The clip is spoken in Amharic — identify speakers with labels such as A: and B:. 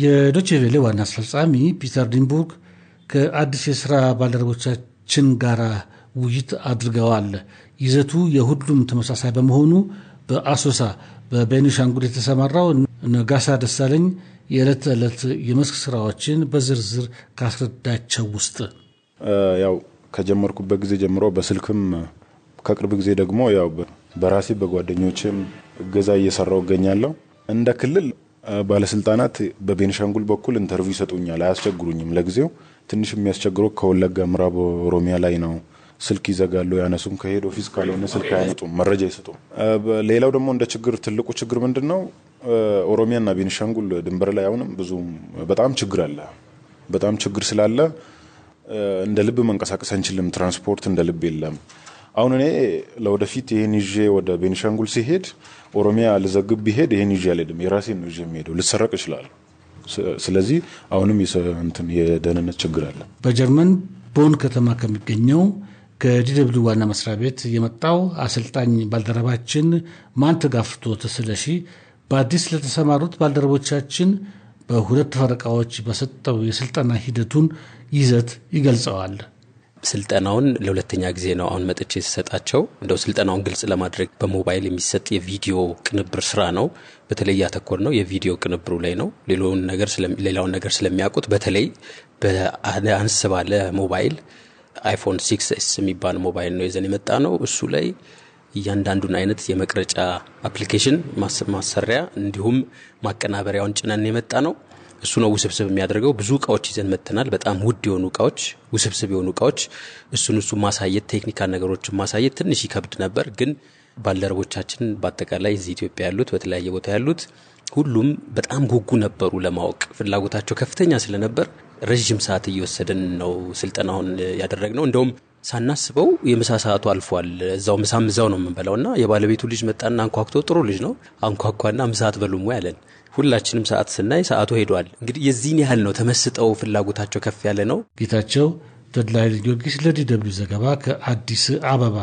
A: የዶቼ ቬሌ ዋና አስፈጻሚ ፒተር ዲንቡርግ ከአዲስ የስራ ባልደረቦቻችን ጋር ውይይት አድርገዋል። ይዘቱ የሁሉም ተመሳሳይ በመሆኑ በአሶሳ በቤኒሻንጉል የተሰማራው ነጋሳ ደሳለኝ የዕለት ተዕለት የመስክ ስራዎችን በዝርዝር ካስረዳቸው ውስጥ
B: ያው ከጀመርኩበት ጊዜ ጀምሮ በስልክም ከቅርብ ጊዜ ደግሞ ያው በራሴ በጓደኞችም እገዛ እየሰራው እገኛለሁ እንደ ክልል ባለስልጣናት በቤንሻንጉል በኩል ኢንተርቪው ይሰጡኛል፣ አያስቸግሩኝም። ለጊዜው ትንሽ የሚያስቸግረው ከወለጋ ምዕራብ ኦሮሚያ ላይ ነው። ስልክ ይዘጋሉ፣ ያነሱም ከሄድ ኦፊስ ካልሆነ ስልክ አያመጡም፣ መረጃ ይሰጡም ሌላው ደግሞ እንደ ችግር ትልቁ ችግር ምንድን ነው? ኦሮሚያና ቤንሻንጉል ድንበር ላይ አሁንም ብዙ በጣም ችግር አለ። በጣም ችግር ስላለ እንደ ልብ መንቀሳቀስ አንችልም። ትራንስፖርት እንደ ልብ የለም። አሁን እኔ ለወደፊት ይህን ይዤ ወደ ቤኒሻንጉል ሲሄድ ኦሮሚያ ልዘግብ ቢሄድ ይህን ይዤ አልሄድም። የራሴን ነው ይዤ የሚሄደው። ልሰረቅ እችላለሁ። ስለዚህ አሁንም እንትን የደህንነት ችግር አለ።
A: በጀርመን ቦን ከተማ ከሚገኘው ከዲደብሊው ዋና መስሪያ ቤት የመጣው አሰልጣኝ ባልደረባችን ማንተጋፍቶት ተስለሺ በአዲስ ለተሰማሩት ባልደረቦቻችን በሁለት ፈረቃዎች በሰጠው የስልጠና ሂደቱን ይዘት ይገልጸዋል።
C: ስልጠናውን ለሁለተኛ ጊዜ ነው አሁን መጥቼ ስሰጣቸው። እንደው ስልጠናውን ግልጽ ለማድረግ በሞባይል የሚሰጥ የቪዲዮ ቅንብር ስራ ነው በተለይ ያተኮር ነው የቪዲዮ ቅንብሩ ላይ ነው። ሌላውን ነገር ስለሚያውቁት በተለይ በአንስ ባለ ሞባይል አይፎን ሲክስ ኤስ የሚባል ሞባይል ነው ይዘን የመጣ ነው። እሱ ላይ እያንዳንዱን አይነት የመቅረጫ አፕሊኬሽን ማሰሪያ እንዲሁም ማቀናበሪያውን ጭነን የመጣ ነው። እሱ ነው ውስብስብ የሚያደርገው። ብዙ እቃዎች ይዘን መጥተናል። በጣም ውድ የሆኑ እቃዎች፣ ውስብስብ የሆኑ እቃዎች። እሱን እሱ ማሳየት ቴክኒካል ነገሮችን ማሳየት ትንሽ ይከብድ ነበር፣ ግን ባልደረቦቻችን በአጠቃላይ እዚህ ኢትዮጵያ ያሉት በተለያየ ቦታ ያሉት ሁሉም በጣም ጉጉ ነበሩ ለማወቅ ፍላጎታቸው ከፍተኛ ስለነበር ረዥም ሰዓት እየወሰደን ነው ስልጠናውን ያደረግነው። እንደውም ሳናስበው የምሳ ሰዓቱ አልፏል። እዛው ምሳም እዛው ነው የምንበላው እና የባለቤቱ ልጅ መጣና አንኳኩቶ ጥሩ ልጅ ነው አንኳኳና ምሳት በሉም ወይ አለን። ሁላችንም ሰዓት ስናይ ሰዓቱ ሄዷል። እንግዲህ የዚህን ያህል ነው ተመስጠው፣ ፍላጎታቸው ከፍ ያለ ነው።
A: ጌታቸው ተድላ ኃይለ ጊዮርጊስ
C: ለዲ ደብልዩ ዘገባ ከአዲስ አበባ